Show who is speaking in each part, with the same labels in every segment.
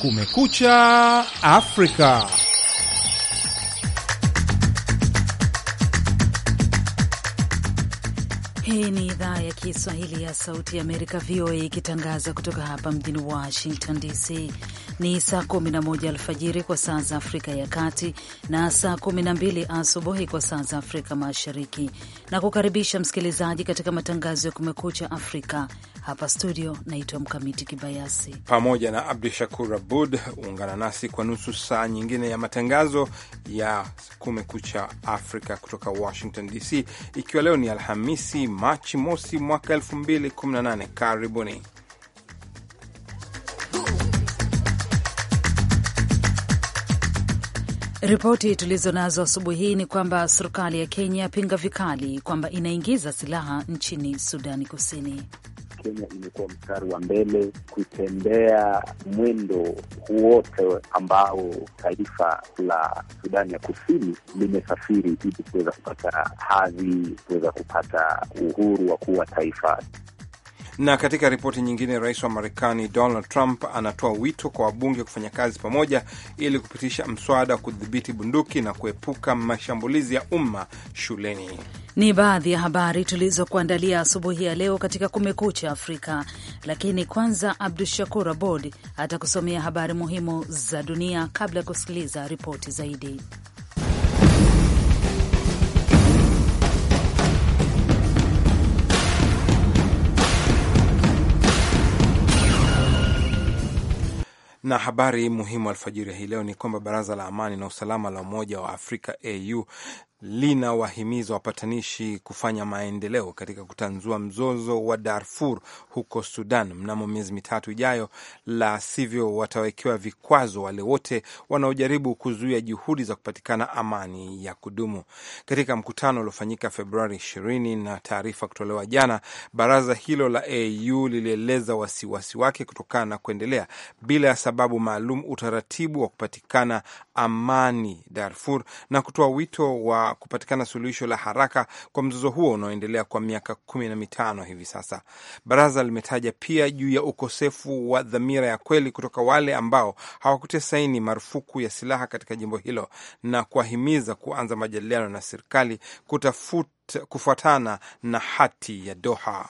Speaker 1: Kumekucha Afrika.
Speaker 2: Hii ni idhaa ya Kiswahili ya Sauti ya Amerika, VOA, ikitangaza kutoka hapa mjini Washington DC. Ni saa 11 alfajiri kwa saa za Afrika ya Kati na saa 12 asubuhi kwa saa za Afrika Mashariki, na kukaribisha msikilizaji katika matangazo ya Kumekucha Afrika. Hapa studio naitwa Mkamiti Kibayasi
Speaker 1: pamoja na Abdu Shakur Abud. Ungana nasi kwa nusu saa nyingine ya matangazo ya Kumekucha Afrika kutoka Washington DC, ikiwa leo ni Alhamisi Machi mosi mwaka 2018. Karibuni.
Speaker 2: Ripoti tulizo nazo asubuhi hii ni kwamba serikali ya Kenya yapinga vikali kwamba inaingiza silaha nchini Sudani Kusini.
Speaker 3: Kenya imekuwa mstari wa mbele kutembea mwendo wote ambao taifa la Sudani ya Kusini limesafiri ili kuweza kupata hadhi, kuweza kupata uhuru wa kuwa
Speaker 1: taifa. Na katika ripoti nyingine, rais wa Marekani Donald Trump anatoa wito kwa wabunge kufanya kazi pamoja ili kupitisha mswada wa kudhibiti bunduki na kuepuka mashambulizi ya umma shuleni.
Speaker 2: Ni baadhi ya habari tulizokuandalia asubuhi ya leo katika Kumekucha Afrika, lakini kwanza Abdu Shakur Abod atakusomea habari muhimu za dunia kabla ya kusikiliza ripoti zaidi.
Speaker 1: Na habari muhimu alfajiri hii leo ni kwamba baraza la amani na usalama la Umoja wa Afrika au linawahimiza wapatanishi kufanya maendeleo katika kutanzua mzozo wa Darfur huko Sudan mnamo miezi mitatu ijayo, la sivyo watawekewa vikwazo wale wote wanaojaribu kuzuia juhudi za kupatikana amani ya kudumu. Katika mkutano uliofanyika Februari ishirini na taarifa kutolewa jana, baraza hilo la AU lilieleza wasiwasi wake kutokana na kuendelea bila ya sababu maalum utaratibu wa kupatikana amani Darfur na kutoa wito wa kupatikana suluhisho la haraka kwa mzozo huo unaoendelea kwa miaka kumi na mitano hivi sasa. Baraza limetaja pia juu ya ukosefu wa dhamira ya kweli kutoka wale ambao hawakutia saini marufuku ya silaha katika jimbo hilo na kuwahimiza kuanza majadiliano na serikali kutafuta kufuatana na hati ya Doha.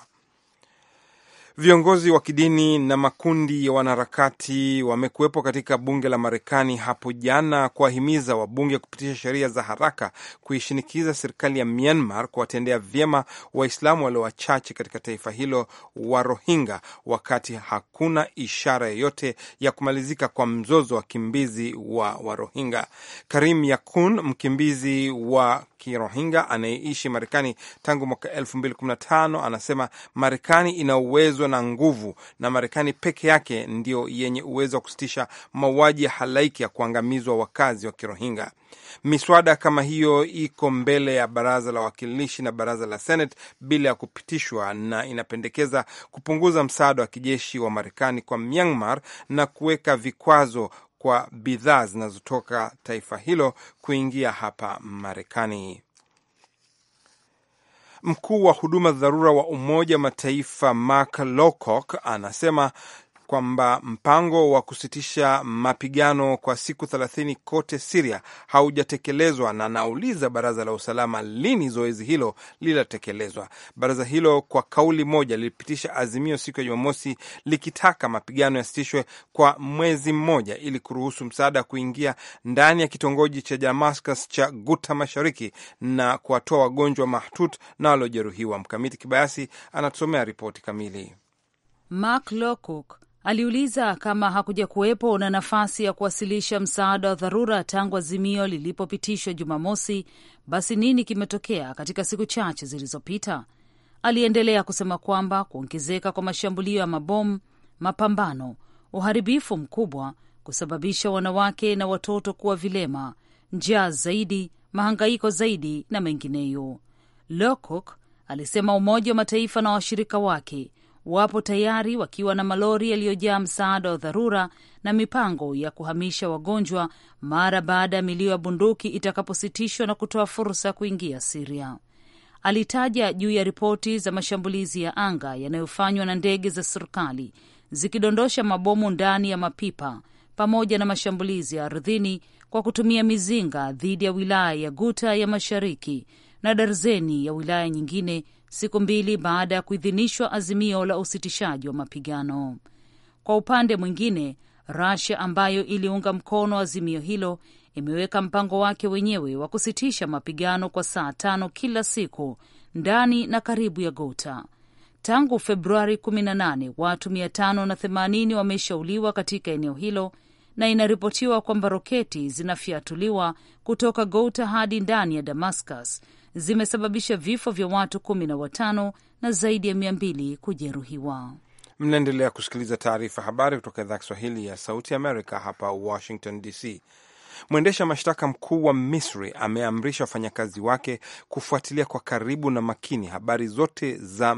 Speaker 1: Viongozi wa kidini na makundi ya wanaharakati wamekuwepo katika bunge la Marekani hapo jana kuwahimiza wabunge kupitisha sheria za haraka kuishinikiza serikali ya Myanmar kuwatendea vyema Waislamu walio wachache katika taifa hilo wa Rohingya, wakati hakuna ishara yoyote ya kumalizika kwa mzozo wa wakimbizi wa Warohingya. Karim Yakun, mkimbizi wa Kirohingya anayeishi Marekani tangu mwaka 2015 anasema Marekani ina uwezo zisizo na nguvu, na Marekani peke yake ndiyo yenye uwezo wa kusitisha mauaji ya halaiki ya kuangamizwa wakazi wa kirohinga Miswada kama hiyo iko mbele ya baraza la wawakilishi na baraza la Senate bila ya kupitishwa, na inapendekeza kupunguza msaada wa kijeshi wa Marekani kwa Myanmar na kuweka vikwazo kwa bidhaa zinazotoka taifa hilo kuingia hapa Marekani. Mkuu wa huduma dharura wa Umoja Mataifa Mark Lowcock anasema kwamba mpango wa kusitisha mapigano kwa siku thelathini kote Siria haujatekelezwa, na anauliza baraza la usalama lini zoezi hilo litatekelezwa. Baraza hilo kwa kauli moja lilipitisha azimio siku ya Jumamosi likitaka mapigano yasitishwe kwa mwezi mmoja ili kuruhusu msaada kuingia ndani ya kitongoji cha Damascus cha Guta Mashariki na kuwatoa wagonjwa mahtut na waliojeruhiwa. Mkamiti Kibayasi anatusomea ripoti kamili.
Speaker 2: Mark Lowcock aliuliza kama hakuja kuwepo na nafasi ya kuwasilisha msaada wa dharura tangu azimio lilipopitishwa Jumamosi, basi nini kimetokea katika siku chache zilizopita? Aliendelea kusema kwamba kuongezeka kwa mashambulio ya mabomu, mapambano, uharibifu mkubwa kusababisha wanawake na watoto kuwa vilema, njaa zaidi, mahangaiko zaidi na mengineyo. Lowcock alisema Umoja wa Mataifa na washirika wake wapo tayari wakiwa na malori yaliyojaa msaada wa dharura na mipango ya kuhamisha wagonjwa mara baada ya milio ya bunduki itakapositishwa na kutoa fursa ya kuingia Siria. Alitaja juu ya ripoti za mashambulizi ya anga yanayofanywa na ndege za serikali zikidondosha mabomu ndani ya mapipa pamoja na mashambulizi ya ardhini kwa kutumia mizinga dhidi ya wilaya ya Guta ya mashariki na darzeni ya wilaya nyingine siku mbili baada ya kuidhinishwa azimio la usitishaji wa mapigano. Kwa upande mwingine, Russia ambayo iliunga mkono azimio hilo imeweka mpango wake wenyewe wa kusitisha mapigano kwa saa tano kila siku ndani na karibu ya Gota. Tangu Februari 18 watu 580 wameshauliwa katika eneo hilo na inaripotiwa kwamba roketi zinafyatuliwa kutoka Gouta hadi ndani ya Damascus zimesababisha vifo vya watu kumi na watano na zaidi ya mia mbili kujeruhiwa.
Speaker 1: Mnaendelea kusikiliza taarifa habari kutoka idhaa Kiswahili ya Sauti Amerika hapa Washington DC. Mwendesha mashtaka mkuu wa Misri ameamrisha wafanyakazi wake kufuatilia kwa karibu na makini habari zote za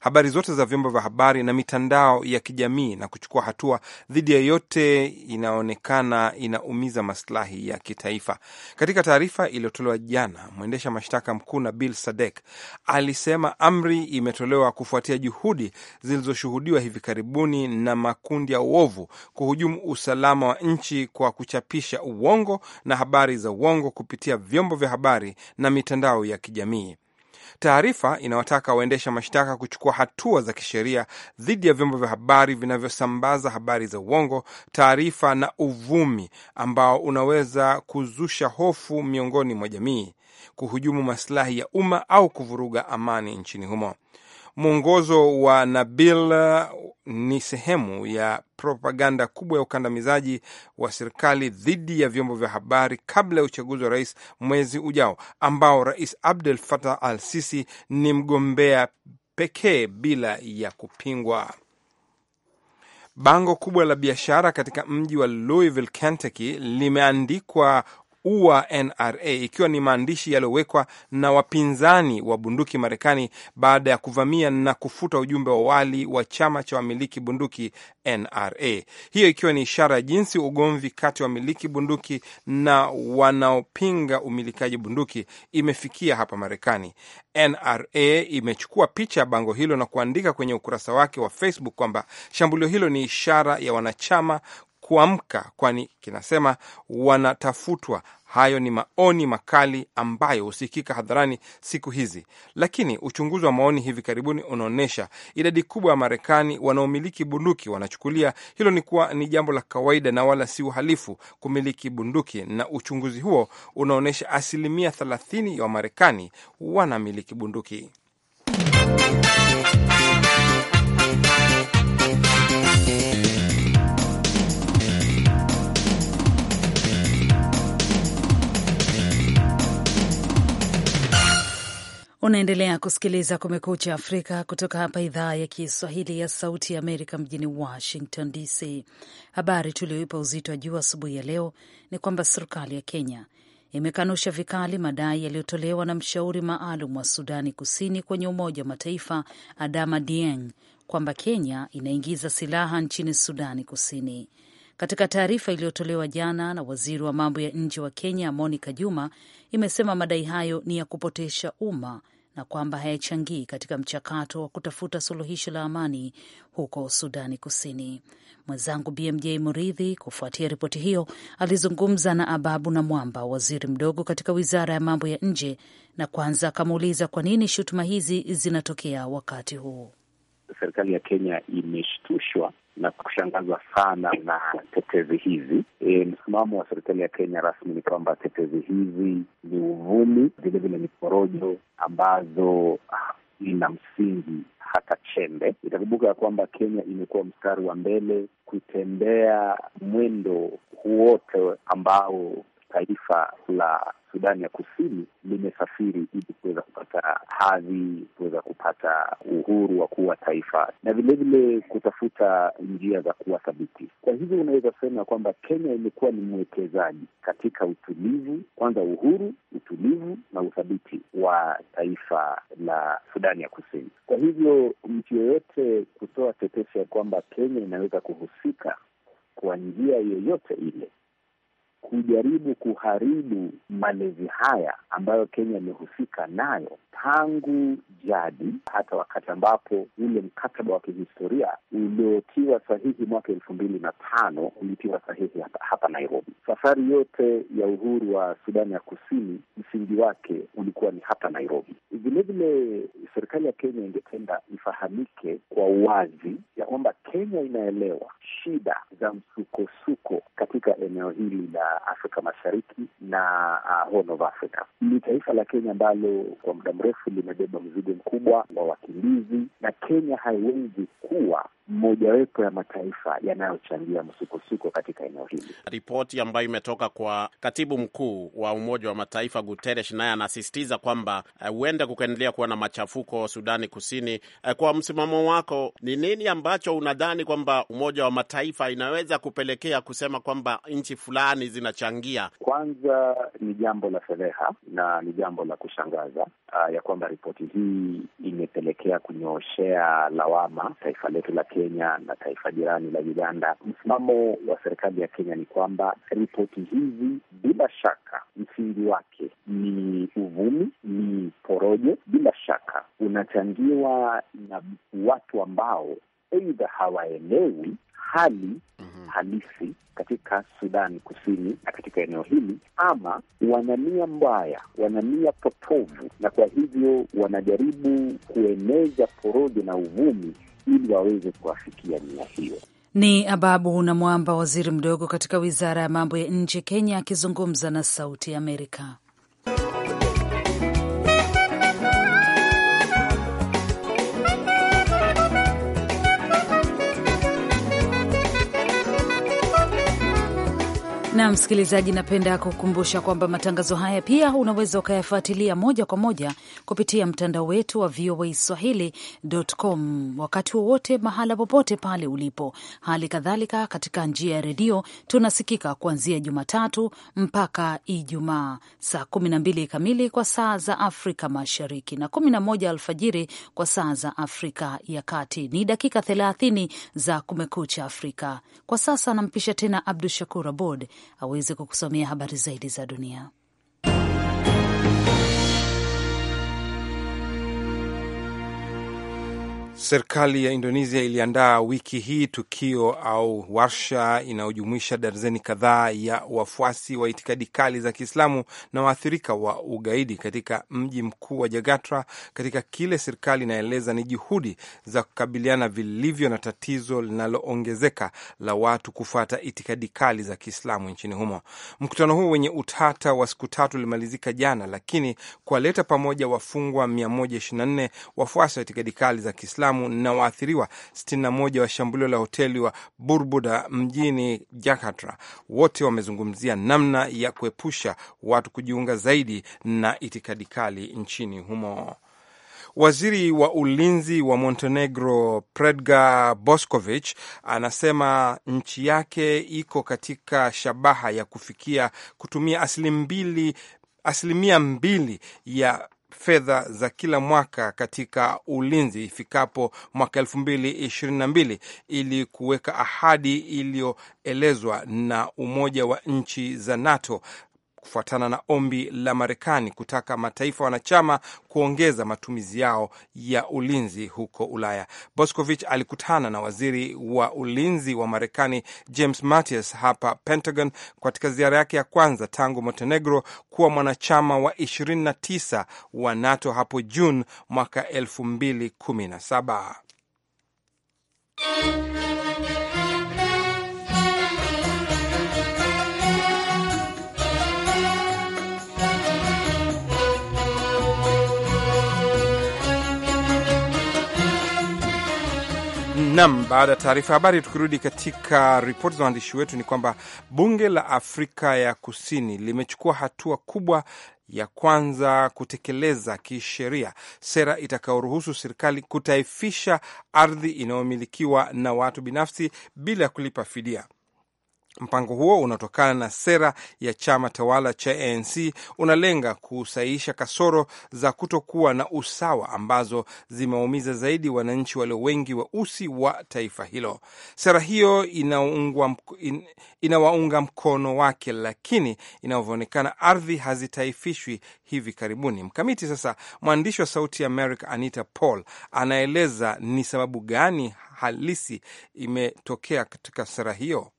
Speaker 1: habari zote za vyombo vya habari na mitandao ya kijamii na kuchukua hatua dhidi ya yote inaonekana inaumiza maslahi ya kitaifa. Katika taarifa iliyotolewa jana, mwendesha mashtaka mkuu Nabil Sadek alisema amri imetolewa kufuatia juhudi zilizoshuhudiwa hivi karibuni na makundi ya uovu kuhujumu usalama wa nchi kwa kuchapisha uongo na habari za uongo kupitia vyombo vya habari na mitandao ya kijamii. Taarifa inawataka waendesha mashtaka kuchukua hatua za kisheria dhidi ya vyombo vya habari vinavyosambaza habari za uongo, taarifa na uvumi ambao unaweza kuzusha hofu miongoni mwa jamii, kuhujumu masilahi ya umma au kuvuruga amani nchini humo. Mwongozo wa Nabil ni sehemu ya propaganda kubwa ya ukandamizaji wa serikali dhidi ya vyombo vya habari kabla ya uchaguzi wa rais mwezi ujao, ambao Rais Abdel Fattah al Sisi ni mgombea pekee bila ya kupingwa. Bango kubwa la biashara katika mji wa Louisville, Kentucky limeandikwa ua NRA, ikiwa ni maandishi yaliyowekwa na wapinzani wa bunduki Marekani baada ya kuvamia na kufuta ujumbe wa awali wa chama cha wamiliki bunduki NRA, hiyo ikiwa ni ishara ya jinsi ugomvi kati ya wamiliki bunduki na wanaopinga umilikaji bunduki imefikia hapa Marekani. NRA imechukua picha ya bango hilo na kuandika kwenye ukurasa wake wa Facebook kwamba shambulio hilo ni ishara ya wanachama kuamka, kwani kinasema wanatafutwa. Hayo ni maoni makali ambayo husikika hadharani siku hizi, lakini uchunguzi wa maoni hivi karibuni unaonyesha idadi kubwa ya Marekani wanaomiliki bunduki wanachukulia hilo ni kuwa ni jambo la kawaida na wala si uhalifu kumiliki bunduki, na uchunguzi huo unaonyesha asilimia thelathini ya Wamarekani wanamiliki bunduki.
Speaker 2: Unaendelea kusikiliza Kumekucha Afrika kutoka hapa idhaa ya Kiswahili ya Sauti ya Amerika mjini Washington DC. Habari tuliyoipa uzito wa juu asubuhi ya leo ni kwamba serikali ya Kenya imekanusha vikali madai yaliyotolewa na mshauri maalum wa Sudani Kusini kwenye Umoja wa Mataifa Adama Dieng kwamba Kenya inaingiza silaha nchini Sudani Kusini. Katika taarifa iliyotolewa jana na waziri wa mambo ya nje wa Kenya Monica Juma, imesema madai hayo ni ya kupotesha umma na kwamba hayachangii katika mchakato wa kutafuta suluhisho la amani huko Sudani Kusini. Mwenzangu BMJ Muridhi, kufuatia ripoti hiyo, alizungumza na Ababu na Mwamba, waziri mdogo katika wizara ya mambo ya nje, na kwanza akamuuliza kwa nini shutuma hizi zinatokea wakati huu.
Speaker 3: Serikali ya Kenya imeshtushwa na kushangazwa sana na tetezi hizi. E, msimamo wa serikali ya Kenya rasmi ni kwamba tetezi hizi ni uvumi, vilevile ni porojo ambazo ina msingi hata chembe. Itakumbuka ya kwamba Kenya imekuwa mstari wa mbele kutembea mwendo wote ambao taifa la Sudani ya Kusini limesafiri ili kuweza kupata hadhi, kuweza kupata uhuru wa kuwa taifa na vilevile kutafuta njia za kuwa thabiti. Kwa hivyo unaweza sema kwamba Kenya imekuwa ni mwekezaji katika utulivu, kwanza uhuru, utulivu na uthabiti wa taifa la Sudani ya Kusini. Kwa hivyo mtu yeyote kutoa tetesi ya kwamba Kenya inaweza kuhusika kwa njia yoyote ile kujaribu kuharibu malezi haya ambayo Kenya imehusika nayo tangu jadi, hata wakati ambapo ule mkataba wa kihistoria uliotiwa sahihi mwaka elfu mbili na tano ulitiwa sahihi hapa, hapa Nairobi. Safari yote ya uhuru wa Sudani ya Kusini msingi wake ulikuwa ni hapa Nairobi. Vilevile serikali ya Kenya ingependa ifahamike kwa wazi ya kwamba Kenya inaelewa shida za msukosuko katika eneo hili la Afrika Mashariki na uh, Horn of Africa. Ni taifa la Kenya ambalo kwa muda mrefu limebeba mzigo mkubwa wa wakimbizi, na Kenya haiwezi kuwa mojawapo ya mataifa yanayochangia msukosuko katika eneo hili. Ripoti ambayo imetoka kwa katibu mkuu wa Umoja wa Mataifa Guterres, naye anasisitiza kwamba eh, huenda uh, kukaendelea kuwa na machafuko Sudani Kusini. Uh, kwa msimamo wako, ni nini ambacho unadhani kwamba Umoja wa Mataifa inaweza kupelekea kusema kwamba nchi fulani zinachangia? Kwanza ni jambo la fedheha na ni jambo la kushangaza uh, ya kwamba ripoti hii imepelekea kunyooshea lawama taifa letu la Kenya na taifa jirani la Uganda. Msimamo wa serikali ya Kenya ni kwamba ripoti hizi bila shaka msingi wake ni uvumi, ni porojo, bila shaka unachangiwa na watu ambao aidha hawaelewi hali mm-hmm, halisi katika sudan Kusini na katika eneo hili, ama wanania mbaya, wanania potovu, na kwa hivyo wanajaribu kueneza porojo na uvumi ili waweze kuwafikia nia hiyo.
Speaker 2: Ni Ababu na Mwamba, waziri mdogo katika wizara ya mambo ya nje Kenya, akizungumza na Sauti ya Amerika. na msikilizaji, napenda kukumbusha kwamba matangazo haya pia unaweza ukayafuatilia moja kwa moja kupitia mtandao wetu wa VOA Swahili.com wakati wowote, mahala popote pale ulipo. Hali kadhalika katika njia ya redio tunasikika kuanzia Jumatatu mpaka Ijumaa saa mbili kamili kwa saa za Afrika Mashariki na moja alfajiri kwa saa za Afrika ya Kati. Ni dakika thelathini za Kumekucha Afrika. Kwa sasa nampisha tena Abdu Shakur Abod aweze kukusomea habari zaidi za dunia.
Speaker 1: Serikali ya Indonesia iliandaa wiki hii tukio au warsha inayojumuisha darzeni kadhaa ya wafuasi wa itikadi kali za Kiislamu na waathirika wa ugaidi katika mji mkuu wa Jakarta, katika kile serikali inaeleza ni juhudi za kukabiliana vilivyo na tatizo linaloongezeka la watu kufuata itikadi kali za Kiislamu nchini humo. Mkutano huo wenye utata wa siku tatu ulimalizika jana, lakini kuwaleta pamoja wafungwa 124 wafuasi wa itikadi kali za Kiislamu Waislamu na waathiriwa 61 wa shambulio la hoteli wa Burbuda mjini Jakarta. Wote wamezungumzia namna ya kuepusha watu kujiunga zaidi na itikadi kali nchini humo. Waziri wa ulinzi wa Montenegro Predga boskovich anasema nchi yake iko katika shabaha ya kufikia kutumia asilimia mbili, asilimia mbili ya fedha za kila mwaka katika ulinzi ifikapo mwaka elfu mbili ishirini na mbili ili kuweka ahadi iliyoelezwa na Umoja wa nchi za NATO kufuatana na ombi la Marekani kutaka mataifa wanachama kuongeza matumizi yao ya ulinzi huko Ulaya. Boscovich alikutana na waziri wa ulinzi wa Marekani James Mattis hapa Pentagon katika ziara yake ya kwanza tangu Montenegro kuwa mwanachama wa 29 wa NATO hapo Juni mwaka 2017. Nam, baada ya taarifa habari, tukirudi katika ripoti za waandishi wetu, ni kwamba bunge la Afrika ya Kusini limechukua hatua kubwa ya kwanza kutekeleza kisheria sera itakayoruhusu serikali kutaifisha ardhi inayomilikiwa na watu binafsi bila ya kulipa fidia. Mpango huo unatokana na sera ya chama tawala cha ANC, unalenga kusaisha kasoro za kutokuwa na usawa ambazo zimewaumiza zaidi wananchi walio wengi weusi wa, wa taifa hilo. Sera hiyo inawaunga ina mkono wake, lakini inavyoonekana ardhi hazitaifishwi hivi karibuni. Mkamiti sasa, mwandishi wa Sauti ya America Anita Paul anaeleza ni sababu gani halisi imetokea katika sera hiyo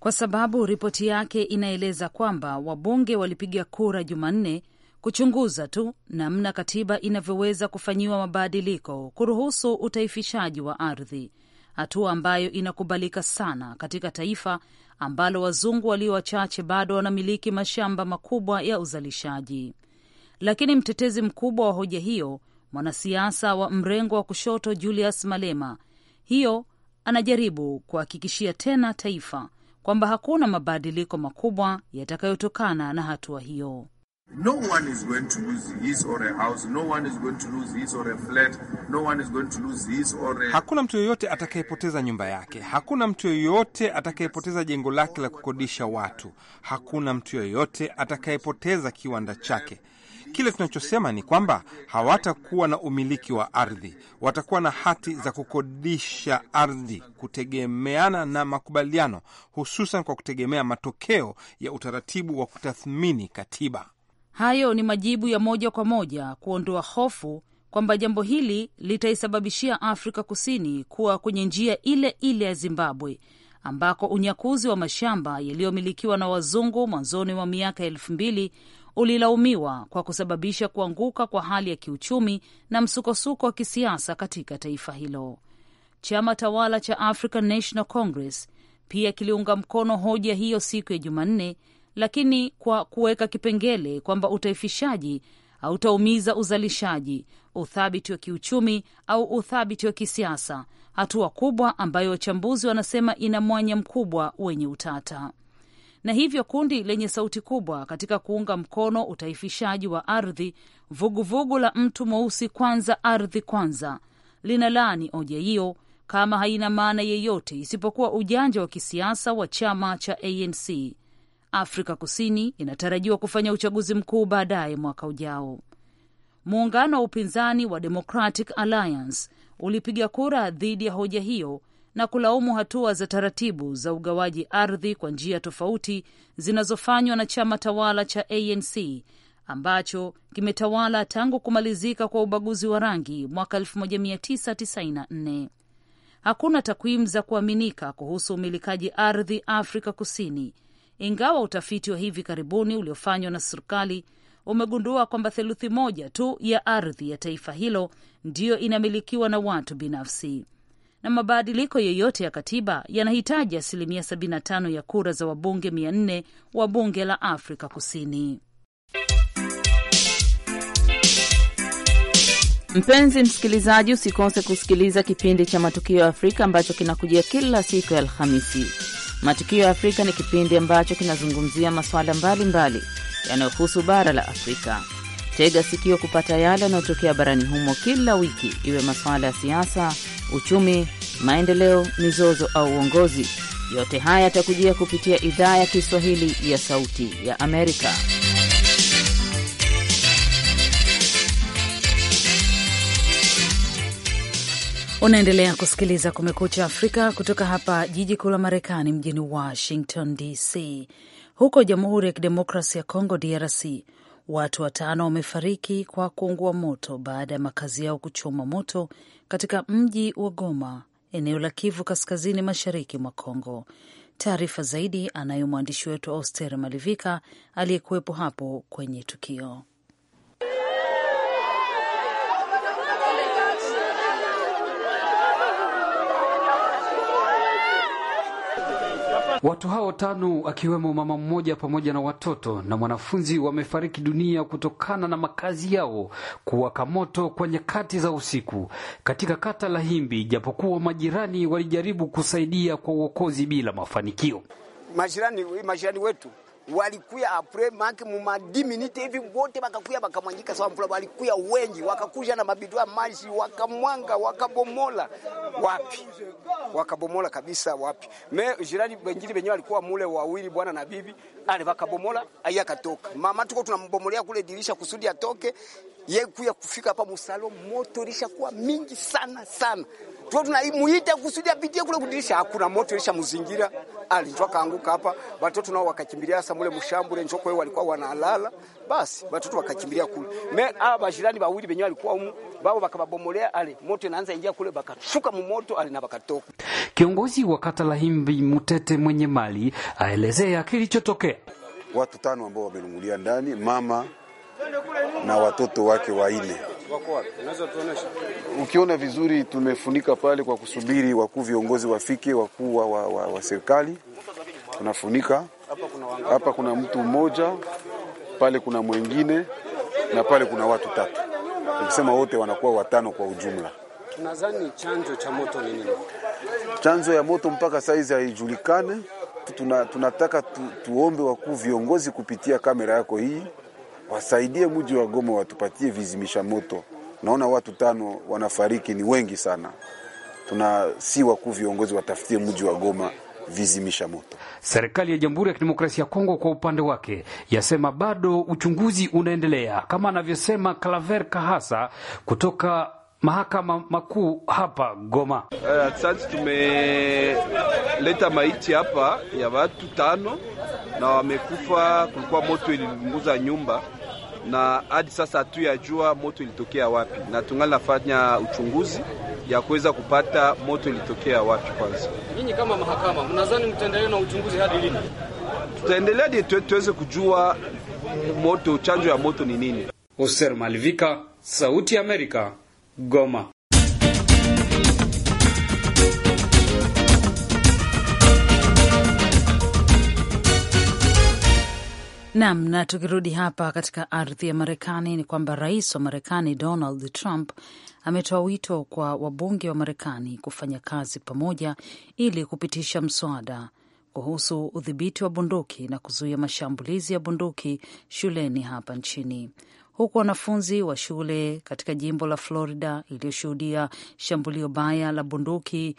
Speaker 2: kwa sababu ripoti yake inaeleza kwamba wabunge walipiga kura Jumanne kuchunguza tu namna katiba inavyoweza kufanyiwa mabadiliko kuruhusu utaifishaji wa ardhi, hatua ambayo inakubalika sana katika taifa ambalo wazungu walio wachache bado wanamiliki mashamba makubwa ya uzalishaji. Lakini mtetezi mkubwa wa hoja hiyo, mwanasiasa wa mrengo wa kushoto Julius Malema, hiyo anajaribu kuhakikishia tena taifa kwamba hakuna mabadiliko makubwa yatakayotokana na hatua hiyo.
Speaker 4: No one is going to lose his or her house. No one is going to lose his or her flat. No one is going to lose his or her... Hakuna
Speaker 1: mtu yoyote atakayepoteza nyumba yake. Hakuna mtu yoyote atakayepoteza jengo lake la kukodisha watu. Hakuna mtu yoyote atakayepoteza kiwanda chake. Kile tunachosema ni kwamba hawatakuwa na umiliki wa ardhi, watakuwa na hati za kukodisha ardhi kutegemeana na makubaliano, hususan kwa kutegemea matokeo ya utaratibu wa kutathmini katiba.
Speaker 2: Hayo ni majibu ya moja kwa moja kuondoa hofu kwamba jambo hili litaisababishia Afrika Kusini kuwa kwenye njia ile ile ya Zimbabwe ambako unyakuzi wa mashamba yaliyomilikiwa na wazungu mwanzoni mwa miaka elfu mbili ulilaumiwa kwa kusababisha kuanguka kwa hali ya kiuchumi na msukosuko wa kisiasa katika taifa hilo. Chama tawala cha African National Congress pia kiliunga mkono hoja hiyo siku ya Jumanne, lakini kwa kuweka kipengele kwamba utaifishaji hautaumiza uzalishaji, uthabiti wa kiuchumi au uthabiti wa kisiasa, hatua kubwa ambayo wachambuzi wanasema ina mwanya mkubwa wenye utata na hivyo kundi lenye sauti kubwa katika kuunga mkono utaifishaji wa ardhi, vuguvugu la mtu mweusi kwanza, ardhi kwanza, linalaani hoja hiyo kama haina maana yeyote isipokuwa ujanja wa kisiasa wa chama cha ANC. Afrika Kusini inatarajiwa kufanya uchaguzi mkuu baadaye mwaka ujao. Muungano wa upinzani wa Democratic Alliance ulipiga kura dhidi ya hoja hiyo na kulaumu hatua za taratibu za ugawaji ardhi kwa njia tofauti zinazofanywa na chama tawala cha ANC ambacho kimetawala tangu kumalizika kwa ubaguzi wa rangi mwaka 1994. Hakuna takwimu za kuaminika kuhusu umilikaji ardhi Afrika Kusini, ingawa utafiti wa hivi karibuni uliofanywa na serikali umegundua kwamba theluthi moja tu ya ardhi ya taifa hilo ndiyo inamilikiwa na watu binafsi na mabadiliko yoyote ya katiba yanahitaji asilimia 75 ya kura za wabunge 400 wa bunge la Afrika Kusini. Mpenzi msikilizaji, usikose kusikiliza kipindi cha Matukio ya Afrika ambacho kinakujia kila siku ya Alhamisi. Matukio ya Afrika ni kipindi ambacho kinazungumzia masuala mbalimbali yanayohusu bara la Afrika. Tega sikio kupata yale yanayotokea barani humo kila wiki, iwe masuala ya siasa uchumi, maendeleo, mizozo au uongozi. Yote haya yatakujia kupitia idhaa ya Kiswahili ya Sauti ya Amerika. Unaendelea kusikiliza Kumekucha Afrika kutoka hapa jiji kuu la Marekani, mjini Washington DC. Huko Jamhuri ya Kidemokrasi ya Kongo, DRC, Watu watano wamefariki kwa kuungua moto baada ya makazi yao kuchoma moto katika mji wa Goma, eneo la Kivu kaskazini mashariki mwa Kongo. Taarifa zaidi anayo mwandishi wetu Auster Malivika aliyekuwepo hapo kwenye tukio.
Speaker 1: Watu hao tano
Speaker 3: akiwemo mama mmoja pamoja na watoto na mwanafunzi wamefariki dunia kutokana na makazi yao kuwaka moto kwa nyakati za usiku katika kata la Himbi, japokuwa majirani walijaribu kusaidia kwa uokozi bila mafanikio. Majirani, majirani wetu walikuya apre make muma 10 minute hivi wote wakakuya wakamwangika sawa mpula, walikuya wengi wakakuja na mabidua maji wakamwanga wakabomola wapi, wakabomola kabisa wapi. Me jirani wengine wenyewe walikuwa mule wawili, bwana na bibi ale wakabomola, aya katoka mama, tuko tunambomolea kule dirisha kusudi atoke, yeye kuya kufika hapa musalo, moto lishakuwa mingi sana sana tuo tunaimuita kusudi apitie kule kudirisha, hakuna moto ilisha mzingira, alinjwa ah, kaanguka hapa. Watoto nao wakakimbilia sasa mule mshambule njoko wao walikuwa wanalala, basi watoto wakakimbilia kule me aba ah, bashirani bawili benye walikuwa umu babo bakababomolea ale moto inaanza ingia kule, bakashuka mumoto ale na bakatoka.
Speaker 2: Kiongozi wa kata la Himbi Mutete mwenye mali aelezea kilichotokea.
Speaker 4: Watu tano ambao wamelungulia ndani, mama na watoto wake waine wako wapi? Unaweza tuonesha? Ukiona vizuri, tumefunika pale kwa kusubiri wakuu viongozi wafike, wakuu wa, wa, wa, wa serikali tunafunika hapa. Kuna mtu mmoja pale, kuna mwengine na pale kuna watu tatu, ukisema wote wanakuwa watano kwa ujumla.
Speaker 3: Nadhani chanzo cha moto ni nini?
Speaker 4: Chanzo ya moto mpaka saizi haijulikane. Tuna, tunataka tu, tuombe wakuu viongozi kupitia kamera yako hii wasaidie mji wa Goma, watupatie vizimisha moto. Naona watu tano wanafariki, ni wengi sana. Tuna si wakuu viongozi watafutie mji wa Goma vizimisha moto.
Speaker 3: Serikali ya Jamhuri ya Kidemokrasia ya Kongo kwa upande wake yasema bado uchunguzi unaendelea, kama anavyosema Claver Kahasa kutoka mahakama makuu hapa Goma.
Speaker 1: Eh, asante. Uh, tumeleta maiti hapa ya watu tano na wamekufa. Kulikuwa moto ililunguza nyumba na hadi sasa jua moto ilitokea wapi, na tungali nafanya uchunguzi ya kuweza kupata moto ilitokea wapi. Kwanza
Speaker 4: nyinyi kama mahakama mnadhani mtaendelea na uchunguzi hadi lini?
Speaker 1: Tutaendelea hadi tuweze kujua moto chanjo ya moto ni nini. Oser Malvika, Sauti ya Amerika, Goma.
Speaker 2: Nam, na tukirudi hapa katika ardhi ya Marekani ni kwamba rais wa Marekani Donald Trump ametoa wito kwa wabunge wa Marekani kufanya kazi pamoja ili kupitisha mswada kuhusu udhibiti wa bunduki na kuzuia mashambulizi ya bunduki shuleni hapa nchini, huku wanafunzi wa shule katika jimbo la Florida iliyoshuhudia shambulio baya la bunduki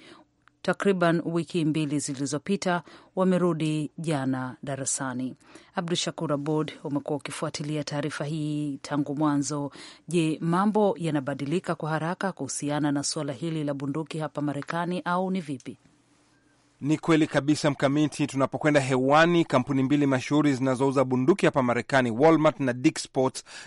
Speaker 2: takriban wiki mbili zilizopita, wamerudi jana darasani. Abdu Shakur Abod, umekuwa ukifuatilia taarifa hii tangu mwanzo. Je, mambo yanabadilika kwa haraka kuhusiana na suala hili la bunduki hapa Marekani au ni vipi?
Speaker 1: Ni kweli kabisa mkamiti. Tunapokwenda hewani, kampuni mbili mashuhuri zinazouza bunduki hapa Marekani, Walmart na Dick's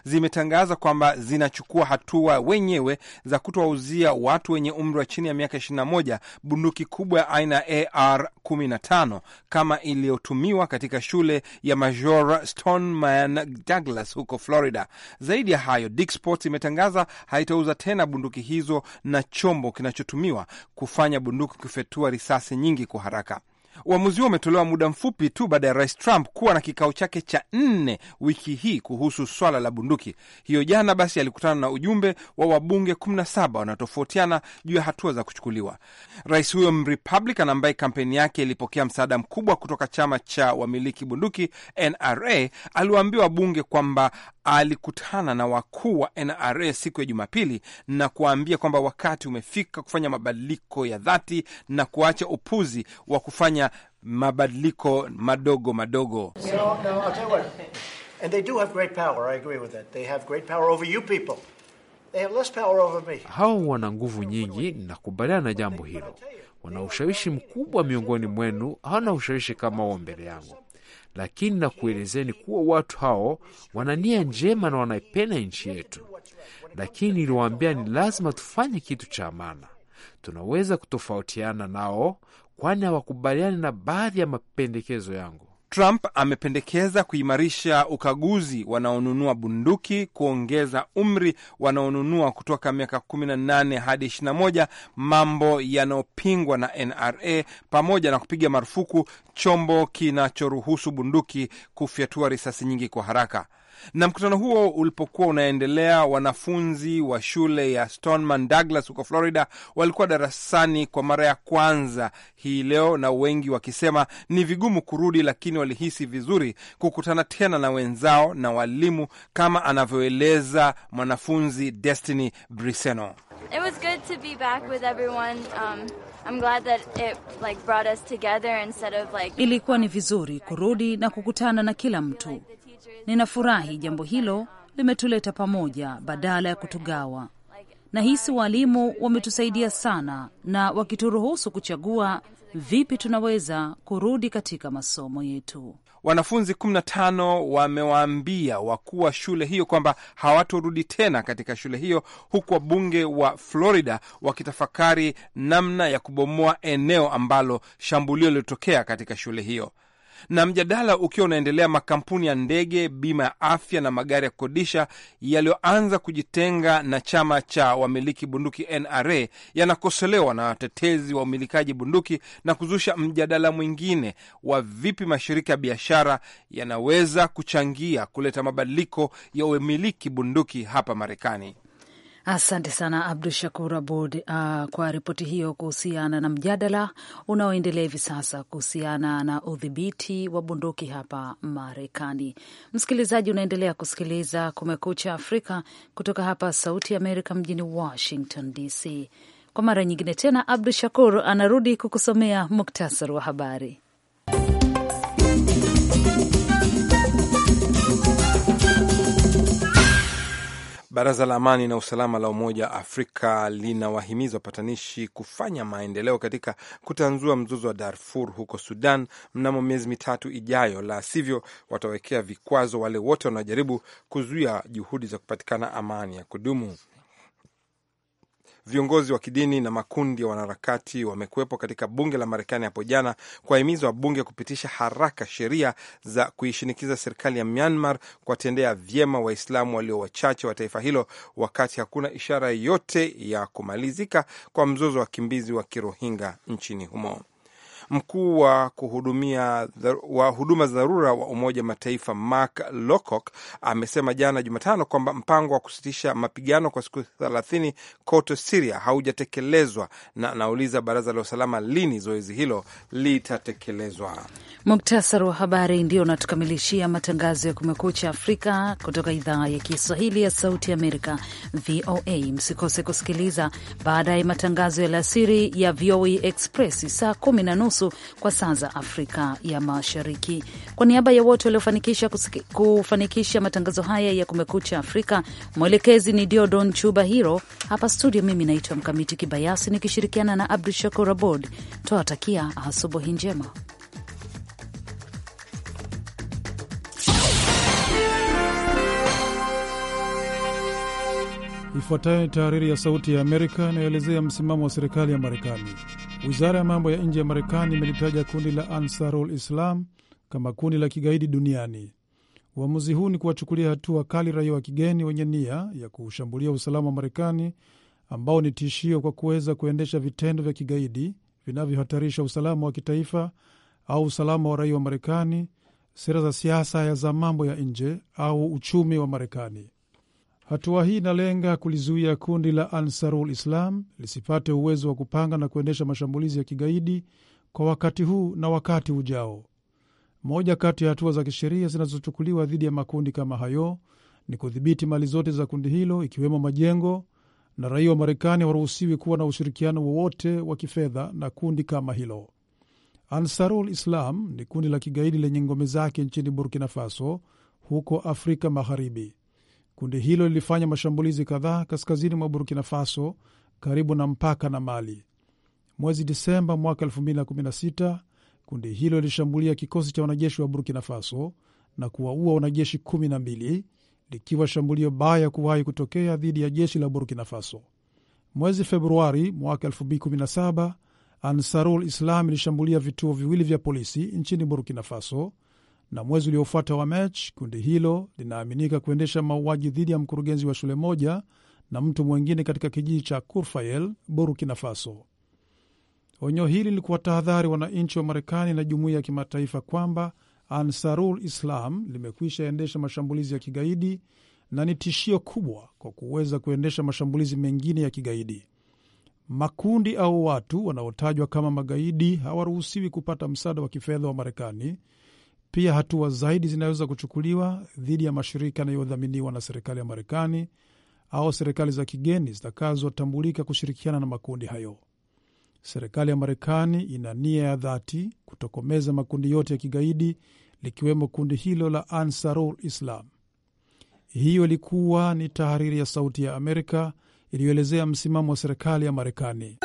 Speaker 1: zimetangaza kwamba zinachukua hatua wenyewe za kutowauzia watu wenye umri wa chini ya miaka 21 bunduki kubwa ya aina ya AR-15 kama iliyotumiwa katika shule ya Major Stoneman Douglas huko Florida. Zaidi ya hayo, Dick's imetangaza haitauza tena bunduki hizo na chombo kinachotumiwa kufanya bunduki kufyatua risasi nyingi kwa haraka. Uamuzi huo umetolewa muda mfupi tu baada ya rais Trump kuwa na kikao chake cha nne wiki hii kuhusu swala la bunduki. Hiyo jana basi alikutana na ujumbe wa wabunge 17 wanaotofautiana juu ya hatua za kuchukuliwa. Rais huyo Mrepublican ambaye kampeni yake ilipokea msaada mkubwa kutoka chama cha wamiliki bunduki NRA aliwaambia wabunge kwamba alikutana na wakuu wa NRA siku ya Jumapili na kuwaambia kwamba wakati umefika kufanya mabadiliko ya dhati na kuacha upuzi wa kufanya mabadiliko madogo madogo.
Speaker 3: hawa
Speaker 1: hao wana nguvu nyingi, nakubaliana na jambo hilo. Wana ushawishi mkubwa miongoni mwenu, hawana ushawishi kama huo mbele yangu lakini nakuelezeni kuwa watu hao wana nia njema na wanaipenda nchi yetu, lakini niliwaambia ni lazima tufanye kitu cha amana. Tunaweza kutofautiana nao, kwani hawakubaliani na baadhi ya mapendekezo yangu Trump amependekeza kuimarisha ukaguzi wanaonunua bunduki, kuongeza umri wanaonunua kutoka miaka 18 hadi 21, mambo yanayopingwa na NRA, pamoja na kupiga marufuku chombo kinachoruhusu bunduki kufyatua risasi nyingi kwa haraka. Na mkutano huo ulipokuwa unaendelea, wanafunzi wa shule ya Stoneman Douglas huko Florida walikuwa darasani kwa mara ya kwanza hii leo, na wengi wakisema ni vigumu kurudi, lakini walihisi vizuri kukutana tena na wenzao na walimu, kama anavyoeleza mwanafunzi Destiny Briseno.
Speaker 2: Ilikuwa ni vizuri kurudi na kukutana na kila mtu Ninafurahi jambo hilo limetuleta pamoja badala ya kutugawa. Nahisi waalimu wametusaidia sana, na wakituruhusu kuchagua vipi tunaweza kurudi katika masomo yetu.
Speaker 1: Wanafunzi 15 wamewaambia wakuu wa shule hiyo kwamba hawatorudi tena katika shule hiyo, huku wabunge wa Florida wakitafakari namna ya kubomoa eneo ambalo shambulio lilitokea katika shule hiyo na mjadala ukiwa unaendelea, makampuni ya ndege, bima ya afya na magari ya kukodisha yaliyoanza kujitenga na chama cha wamiliki bunduki NRA yanakosolewa na watetezi wa umilikaji bunduki na kuzusha mjadala mwingine wa vipi mashirika ya biashara yanaweza kuchangia kuleta mabadiliko ya umiliki bunduki hapa Marekani.
Speaker 2: Asante sana Abdu Shakur Abud uh, kwa ripoti hiyo kuhusiana na mjadala unaoendelea hivi sasa kuhusiana na udhibiti wa bunduki hapa Marekani. Msikilizaji, unaendelea kusikiliza Kumekucha Afrika kutoka hapa Sauti ya Amerika mjini Washington DC. Kwa mara nyingine tena, Abdu Shakur anarudi kukusomea muktasari wa habari.
Speaker 1: Baraza la Amani na Usalama la Umoja wa Afrika linawahimiza wapatanishi kufanya maendeleo katika kutanzua mzozo wa Darfur huko Sudan mnamo miezi mitatu ijayo, la sivyo watawekea vikwazo wale wote wanaojaribu kuzuia juhudi za kupatikana amani ya kudumu. Viongozi wa kidini na makundi ya wanaharakati wamekuwepo katika bunge la Marekani hapo jana kuwahimiza wabunge kupitisha haraka sheria za kuishinikiza serikali ya Myanmar kuwatendea vyema Waislamu walio wachache wa taifa hilo, wakati hakuna ishara yote ya kumalizika kwa mzozo wa wakimbizi wa kirohinga nchini humo. Mkuu wa kuhudumia wa huduma za dharura wa Umoja Mataifa Mark Lowcock amesema jana Jumatano kwamba mpango wa kusitisha mapigano kwa siku thelathini kote Siria haujatekelezwa na anauliza baraza la usalama lini zoezi hilo litatekelezwa.
Speaker 2: Muktasari wa habari ndio unatukamilishia matangazo ya Kumekucha Afrika kutoka idhaa ya Kiswahili ya Sauti Amerika, VOA. Msikose kusikiliza baadaye matangazo ya alasiri ya VOA Express saa kumi na nusu nusu kwa saa za Afrika ya Mashariki. Kwa niaba ya wote waliofanikisha kufanikisha matangazo haya ya Kumekucha Afrika, mwelekezi ni Diodon Chuba Hiro. Hapa studio, mimi naitwa Mkamiti Kibayasi nikishirikiana na Abdu Shakur Abod. Tunawatakia asubuhi njema.
Speaker 4: Ifuatayo ni tahariri ya Sauti ya Amerika inayoelezea msimamo wa serikali ya Marekani. Wizara ya mambo ya nje ya Marekani imelitaja kundi la Ansarul Islam kama kundi la kigaidi duniani. Uamuzi huu ni kuwachukulia hatua kali raia wa kigeni wenye nia ya kuushambulia usalama wa Marekani, ambao ni tishio kwa kuweza kuendesha vitendo vya kigaidi vinavyohatarisha usalama wa kitaifa au usalama wa raia wa Marekani, sera za siasa ya za mambo ya nje au uchumi wa Marekani. Hatua hii inalenga kulizuia kundi la Ansarul Islam lisipate uwezo wa kupanga na kuendesha mashambulizi ya kigaidi kwa wakati huu na wakati ujao. Moja kati ya hatua za kisheria zinazochukuliwa dhidi ya makundi kama hayo ni kudhibiti mali zote za kundi hilo ikiwemo majengo, na raia wa Marekani hawaruhusiwi kuwa na ushirikiano wowote wa kifedha na kundi kama hilo. Ansarul Islam ni kundi la kigaidi lenye ngome zake nchini Burkina Faso, huko Afrika Magharibi. Kundi hilo lilifanya mashambulizi kadhaa kaskazini mwa Burkina Faso, karibu na mpaka na Mali. Mwezi Disemba mwaka 2016 kundi hilo lilishambulia kikosi cha wanajeshi wa Burkina Faso na kuwaua wanajeshi 12 likiwa shambulio baya kuwahi kutokea dhidi ya jeshi la Burkina Faso. Mwezi Februari mwaka 2017 Ansarul Islam ilishambulia vituo viwili vya polisi nchini Burkina Faso na mwezi uliofuata wa Machi, kundi hilo linaaminika kuendesha mauaji dhidi ya mkurugenzi wa shule moja na mtu mwingine katika kijiji cha Kurfayel, Burkina Faso. Onyo hili likuwa tahadhari wananchi wa Marekani na jumuiya ya kimataifa kwamba Ansarul Islam limekwisha endesha mashambulizi ya kigaidi na ni tishio kubwa kwa kuweza kuendesha mashambulizi mengine ya kigaidi. Makundi au watu wanaotajwa kama magaidi hawaruhusiwi kupata msaada wa kifedha wa Marekani pia hatua zaidi zinaweza kuchukuliwa dhidi ya mashirika yanayodhaminiwa na serikali ya Marekani au serikali za kigeni zitakazotambulika kushirikiana na makundi hayo. Serikali ya Marekani ina nia ya dhati kutokomeza makundi yote ya kigaidi likiwemo kundi hilo la Ansarul Islam. Hiyo ilikuwa ni tahariri ya Sauti ya Amerika iliyoelezea msimamo wa serikali ya Marekani.